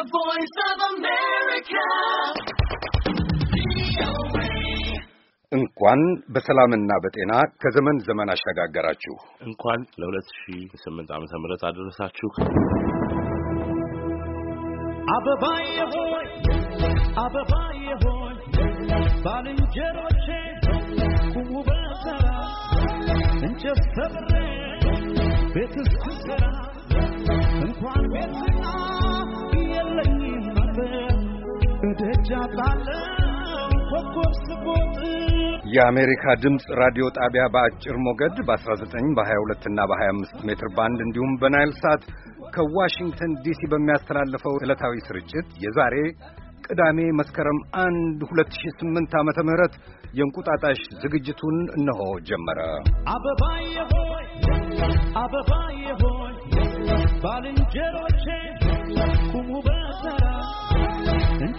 The እንኳን በሰላምና በጤና ከዘመን ዘመን አሸጋገራችሁ። እንኳን ለ2008 ዓመተ ምህረት አደረሳችሁ። አበባዬ ሆይ አበባዬ ሆይ ባልንጀሮቼ ቁሙ በተራ እንጨት ሰብሬ ቤት እስክሰራ እንኳን ቤት የአሜሪካ ድምፅ ራዲዮ ጣቢያ በአጭር ሞገድ በ19 በ22 እና በ25 ሜትር ባንድ እንዲሁም በናይል ሳት ከዋሽንግተን ዲሲ በሚያስተላልፈው ዕለታዊ ስርጭት የዛሬ ቅዳሜ መስከረም 1 2008 ዓ ም የእንቁጣጣሽ ዝግጅቱን እነሆ ጀመረ። አበባዬ ሆይ አበባዬ ሆይ ባልንጀሮቼ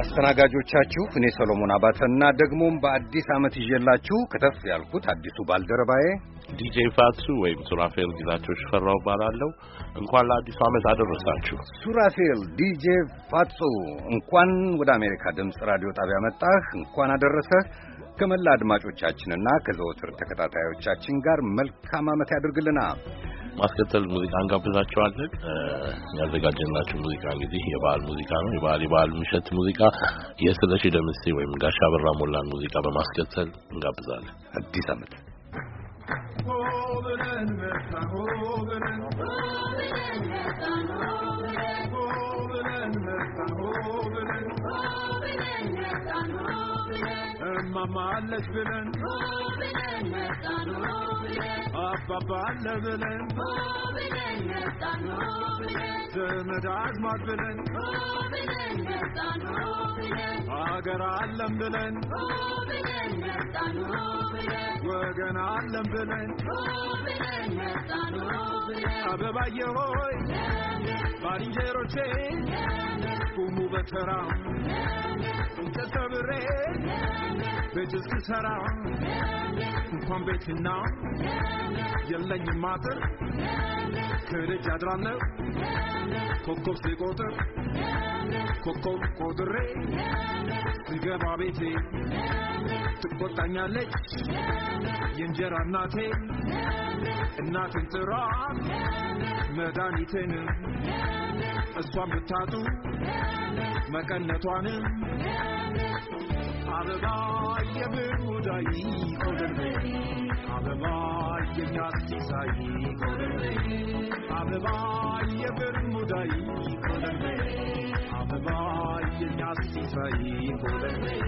አስተናጋጆቻችሁ እኔ ሰሎሞን አባተና ደግሞም በአዲስ ዓመት ይዤላችሁ ከተፍ ያልኩት አዲሱ ባልደረባዬ ዲጄ ፋክሱ ወይም ሱራፌል ጌታቸው ሽፈራው እባላለሁ። እንኳን ለአዲሱ ዓመት አደረሳችሁ። ሱራፌል ዲጄ ፋጹ እንኳን ወደ አሜሪካ ድምፅ ራዲዮ ጣቢያ መጣህ፣ እንኳን አደረሰህ። ከመላ አድማጮቻችንና ከዘወትር ተከታታዮቻችን ጋር መልካም ዓመት ያድርግልና ማስከተል ሙዚቃ እንጋብዛቸዋለን። ያዘጋጀናቸው ሙዚቃ እንግዲህ የበዓል ሙዚቃ ነው። የበዓል የበዓል ምሽት ሙዚቃ የስለሺ ደምሴ ወይም ጋሻ በራ ሞላን ሙዚቃ በማስከተል እንጋብዛለን። አዲስ ዓመት እማማ አለች ብለን አባባን ለብለን ዘመድ አዝማድ ብለን አገር አለም ብለን ወገን አለን ብለን አበባዬ ሆይ ባልንጀሮቼ ቁሙ በተራ እንጨት ሰብሬ ቤት እስክሰራ እንኳን ቤትና የለኝም አጥር ከደጅ አድራለሁ ኮከብ ሲቆጥር ኮከብ ቆጥሬ ሲገባ ቤቴ ትቆጣኛለች የእንጀራ እናቴ እናትን ጥራ መድኃኒትን እሷን ብታጡ መቀነቷንም አበባ የምን ሙዳይ አበባ የሚያስቲሳይ ቆደንበይ አበባ የምን ሙዳይ አበባ የሚያስቲሳይ ቆደንበይ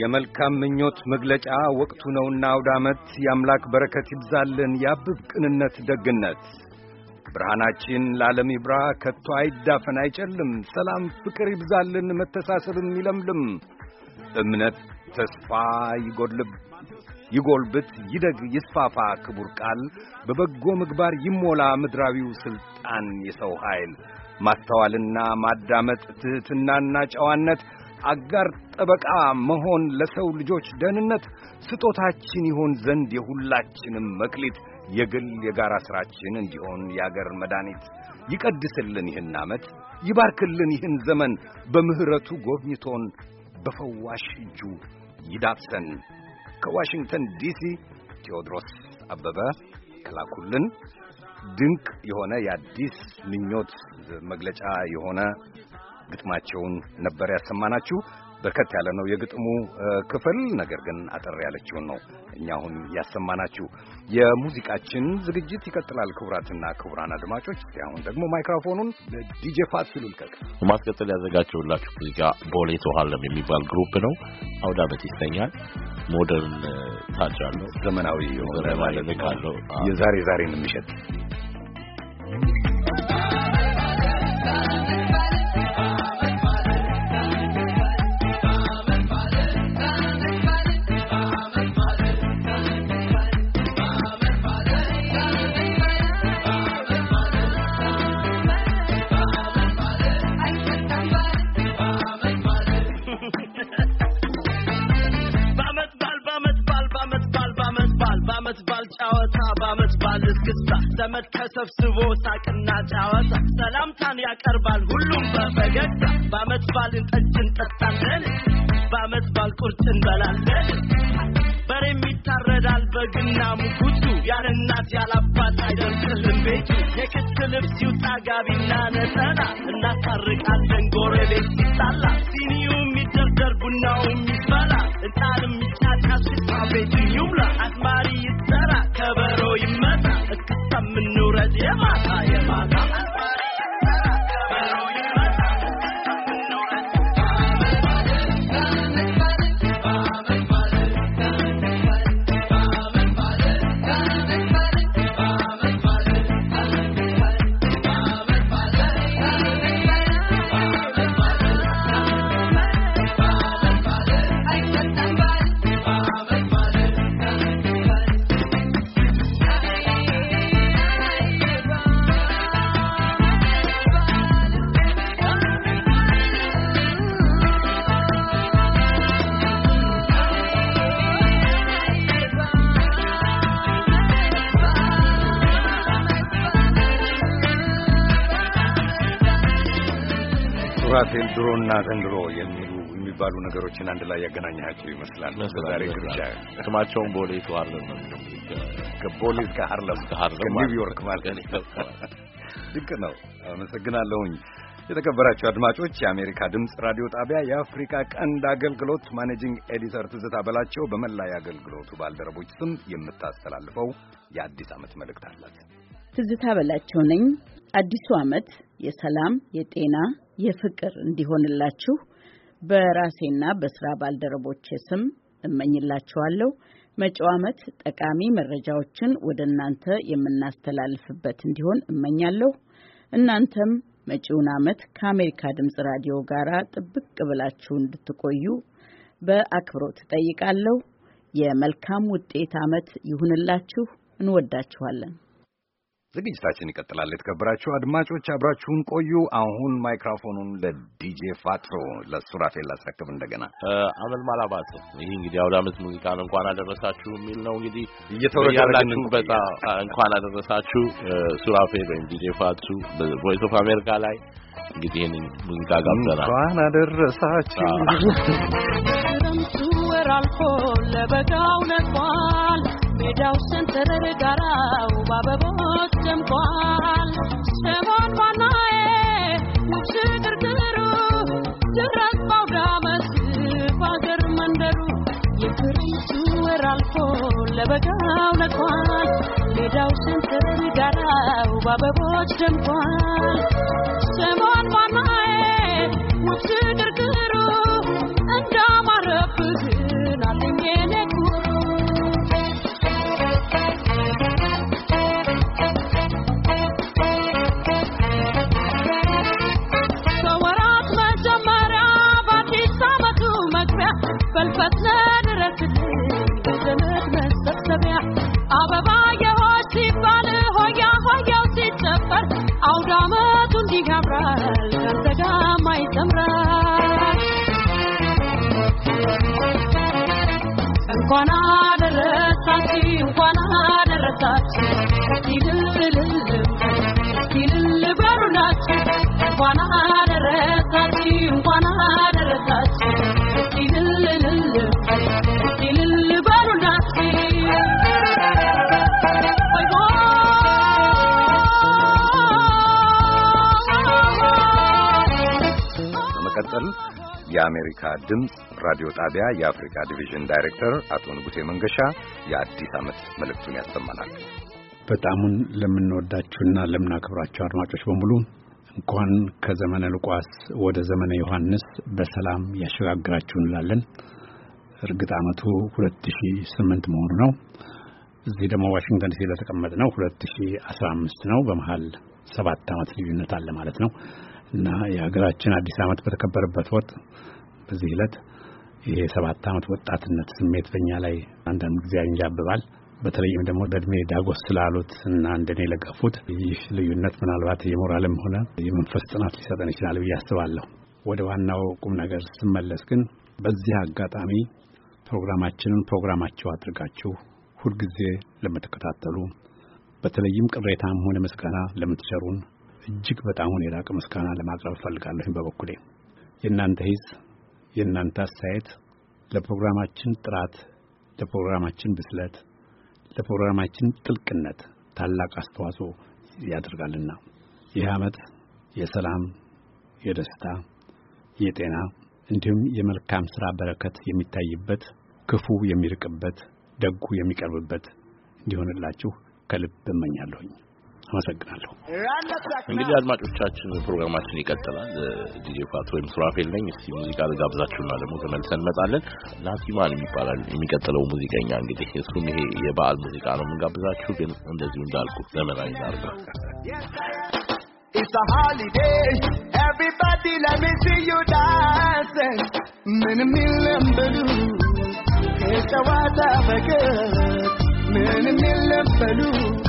የመልካም ምኞት መግለጫ ወቅቱ ነውና አውደ ዓመት የአምላክ በረከት ይብዛልን፣ ያብብ ቅንነት፣ ደግነት። ብርሃናችን ለዓለም ይብራ፣ ከቶ አይዳፈን አይጨልም። ሰላም ፍቅር ይብዛልን፣ መተሳሰብም ይለምልም። እምነት ተስፋ ይጎድልብ ይጎልብት፣ ይደግ፣ ይስፋፋ ክቡር ቃል በበጎ ምግባር ይሞላ ምድራዊው ስልጣን የሰው ኃይል ማስተዋልና ማዳመጥ ትሕትናና ጨዋነት አጋር ጠበቃ መሆን ለሰው ልጆች ደህንነት ስጦታችን ይሆን ዘንድ የሁላችንም መክሊት የግል የጋራ ሥራችን እንዲሆን የአገር መድኃኒት ይቀድስልን ይህን ዓመት ይባርክልን ይህን ዘመን በምሕረቱ ጎብኝቶን በፈዋሽ እጁ ይዳብሰን። ከዋሽንግተን ዲሲ ቴዎድሮስ አበበ ከላኩልን ድንቅ የሆነ የአዲስ ምኞት መግለጫ የሆነ ግጥማቸውን ነበር ያሰማናችሁ። በርከት ያለ ነው የግጥሙ ክፍል፣ ነገር ግን አጠር ያለችውን ነው እኛ አሁን ያሰማናችሁ። የሙዚቃችን ዝግጅት ይቀጥላል። ክቡራትና ክቡራን አድማጮች፣ አሁን ደግሞ ማይክሮፎኑን ዲጄ ፋሲሉ ልቀቅ። በማስቀጠል ያዘጋጀውላችሁ ሙዚቃ ቦሌ ተዋለም የሚባል ግሩፕ ነው። አውደ ዓመት ይሰኛል። ሞደርን ታች አለው ዘመናዊ የሆነ ማለት ነው። የዛሬ ዛሬን የሚሸጥ Thank you. ሲባል ቁርጥ እንበላለን። በሬም የሚታረዳል በግና ሙኩቱ ያለ እናት ያለ አባት ቤቱ። የክት ልብስ ይውጣ ጋቢና ነጠላ እናታርቃለን ጎረቤት ሲጣላ። ሲኒውም ይደርደር ቡናው ይፈላ እጣን ይጫጫ ሽታ ቤቱ ይውላ። አዝማሪ ይጠራ ከበሮ ይመታ እስክስታ የምንውረድ የማታ የማታ ድሮና ዘንድሮ የሚሉ የሚባሉ ነገሮችን አንድ ላይ ያገናኛቸው ይመስላል። ዛሬ ግብዣ ስማቸውን ቦሌ ቱ ነው ከቦሌ እስከ ሃርለም ከኒውዮርክ ማለት ድንቅ ነው። አመሰግናለሁኝ። የተከበራችሁ አድማጮች የአሜሪካ ድምፅ ራዲዮ ጣቢያ የአፍሪካ ቀንድ አገልግሎት ማኔጂንግ ኤዲተር ትዝታ በላቸው በመላ የአገልግሎቱ ባልደረቦች ስም የምታስተላልፈው የአዲስ ዓመት መልእክት አላት። ትዝታ በላቸው ነኝ። አዲሱ ዓመት የሰላም የጤና የፍቅር እንዲሆንላችሁ በራሴና በስራ ባልደረቦቼ ስም እመኝላችኋለሁ። መጪው ዓመት ጠቃሚ መረጃዎችን ወደ እናንተ የምናስተላልፍበት እንዲሆን እመኛለሁ። እናንተም መጪውን ዓመት ከአሜሪካ ድምፅ ራዲዮ ጋር ጥብቅ ብላችሁ እንድትቆዩ በአክብሮት ጠይቃለሁ። የመልካም ውጤት ዓመት ይሁንላችሁ። እንወዳችኋለን። ዝግጅታችን ይቀጥላል። የተከበራችሁ አድማጮች አብራችሁን ቆዩ። አሁን ማይክሮፎኑን ለዲጄ ፋጥሮ ለሱራፌል ላስረክብ። እንደገና አመል ማላባት ይህ እንግዲህ አውደ ዓመት ሙዚቃን እንኳን አደረሳችሁ የሚል ነው። እንግዲህ እየተወረጃላችሁበት እንኳን አደረሳችሁ። ሱራፌል ወይም ዲጄ ፋቱ ቮይስ ኦፍ አሜሪካ ላይ እንግዲህ ይህን ሙዚቃ ጋብዘናል። እንኳን አደረሳችሁ ረምቱ ወር አልፎ ለበጋው ነቋል ሜዳው ሰንተረር ጋራው ባበ አስደምጧል። ስምኦን ባናዬ ንጉሥ ግርግሩ ድረስ ባውደ ዓመት በአገር መንደሩ የክረምቱ ወር አልፎ ለበጋው ለቋል። ሜዳው ስንትር ጋራው በአበቦች ደምቋል። palpatna የአሜሪካ ድምፅ ራዲዮ ጣቢያ የአፍሪካ ዲቪዥን ዳይሬክተር አቶ ንጉሴ መንገሻ የአዲስ ዓመት መልእክቱን ያሰማናል። በጣሙን ለምንወዳችሁና ለምናክብራችሁ አድማጮች በሙሉ እንኳን ከዘመነ ሉቃስ ወደ ዘመነ ዮሐንስ በሰላም ያሸጋግራችሁ እንላለን። እርግጥ ዓመቱ 2008 መሆኑ ነው። እዚህ ደግሞ ዋሽንግተን ዲሲ ለተቀመጥ ነው 2015 ነው። በመሀል ሰባት ዓመት ልዩነት አለ ማለት ነው። እና የሀገራችን አዲስ ዓመት በተከበረበት ወቅት በዚህ ዕለት ይሄ ሰባት ዓመት ወጣትነት ስሜት በእኛ ላይ አንዳንድ ጊዜ ያንዣብባል። በተለይም ደግሞ በእድሜ ዳጎስ ስላሉት እና እንደኔ ለገፉት ይህ ልዩነት ምናልባት የሞራልም ሆነ የመንፈስ ጽናት ሊሰጠን ይችላል ብዬ አስባለሁ። ወደ ዋናው ቁም ነገር ስመለስ ግን በዚህ አጋጣሚ ፕሮግራማችንን ፕሮግራማችሁ አድርጋችሁ ሁልጊዜ ለምትከታተሉ በተለይም ቅሬታም ሆነ ምስጋና ለምትቸሩን እጅግ በጣም የላቀ ምስጋና ለማቅረብ እፈልጋለሁኝ። በበኩሌ የእናንተ ሂስ የእናንተ አስተያየት ለፕሮግራማችን ጥራት፣ ለፕሮግራማችን ብስለት፣ ለፕሮግራማችን ጥልቅነት ታላቅ አስተዋጽኦ ያደርጋልና ይህ ዓመት የሰላም፣ የደስታ፣ የጤና እንዲሁም የመልካም ስራ በረከት የሚታይበት ክፉ የሚርቅበት ደጉ የሚቀርብበት እንዲሆንላችሁ ከልብ እመኛለሁኝ። አመሰግናለሁ። እንግዲህ አድማጮቻችን፣ ፕሮግራማችን ይቀጥላል። ዲጄ ፋት ወይም ሱራፌል ነኝ። እስቲ ሙዚቃ ልጋብዛችሁና ደግሞ ተመልሰን እንመጣለን። ላቲማን የሚባላል የሚቀጥለው ሙዚቀኛ እንግዲህ እሱም ይሄ የበዓል ሙዚቃ ነው የምንጋብዛችሁ፣ ግን እንደዚሁ እንዳልኩ ዘመናዊ ናርገ It's a holiday. Everybody, let me see you dancing. Many million balloons. It's a water Many million balloons.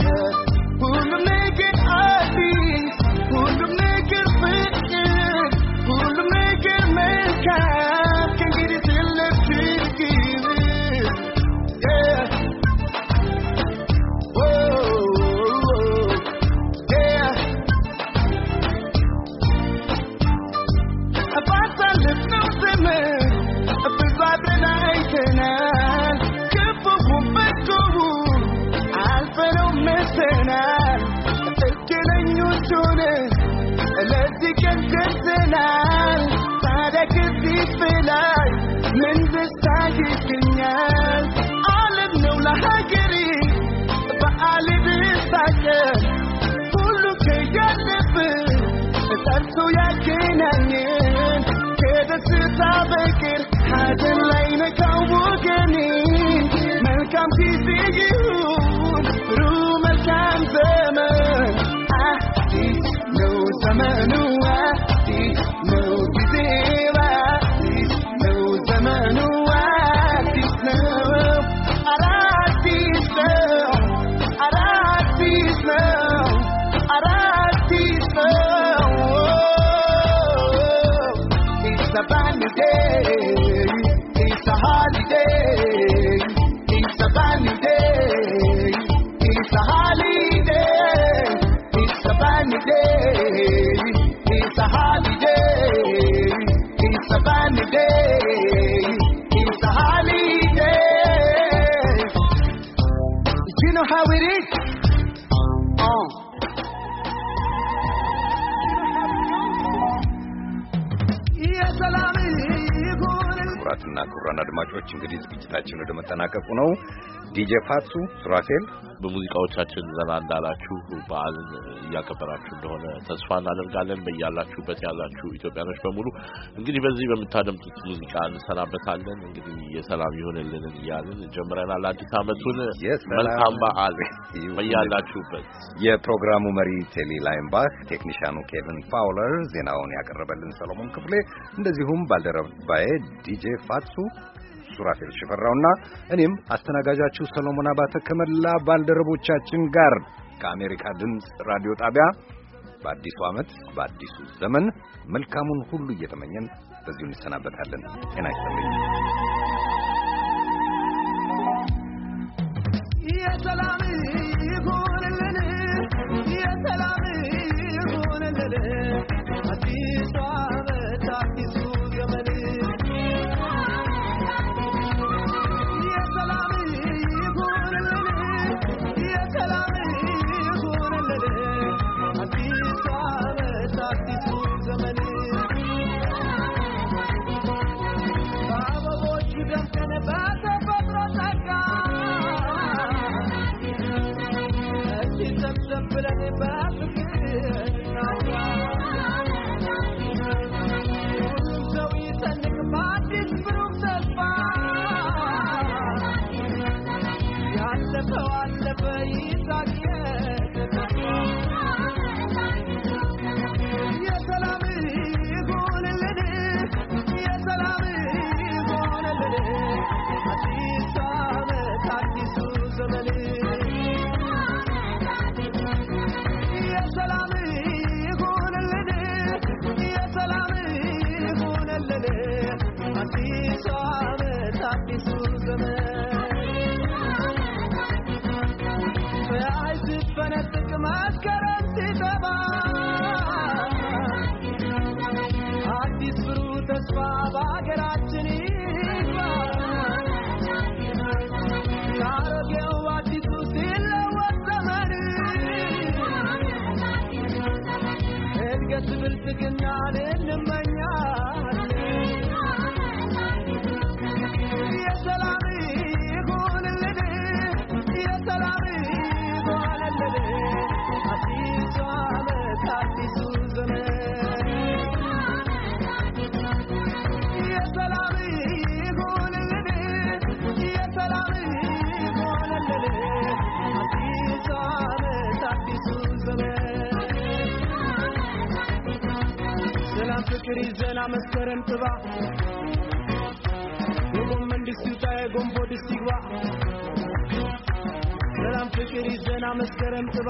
I'm he's you. ክቡራትና ክቡራን አድማጮች እንግዲህ ዝግጅታችን ወደ መጠናቀቁ ነው። ዲጄ ፋሱ ሱራፌል በሙዚቃዎቻችን ዘና እንዳላችሁ በዓልን እያከበራችሁ እንደሆነ ተስፋ እናደርጋለን። በያላችሁበት ያላችሁ ኢትዮጵያኖች በሙሉ እንግዲህ በዚህ በምታደምጡት ሙዚቃ እንሰናበታለን። እንግዲህ የሰላም ይሁንልን እያልን ጀምረናል አዲስ ዓመቱን። መልካም በዓል በያላችሁበት። የፕሮግራሙ መሪ ቴሊ ላይምባክ፣ ቴክኒሽያኑ ኬቪን ፓውለር፣ ዜናውን ያቀረበልን ሰሎሞን ክፍሌ፣ እንደዚሁም ባልደረባዬ ዲጄ ፋሱ ሱራፌል ሽፈራውና እኔም አስተናጋጃችሁ ሰሎሞን አባተ ከመላ ባልደረቦቻችን ጋር ከአሜሪካ ድምፅ ራዲዮ ጣቢያ በአዲሱ ዓመት በአዲሱ ዘመን መልካሙን ሁሉ እየተመኘን በዚሁ እንሰናበታለን። ጤና ይስጥልኝ። አለፈ ይዛግ I've got ጥባ የጎመን ድስት ይውጣ የጎንቦ ድስት ይግባ ሰላም ፍቅር ይዘና መስከረም ጥባ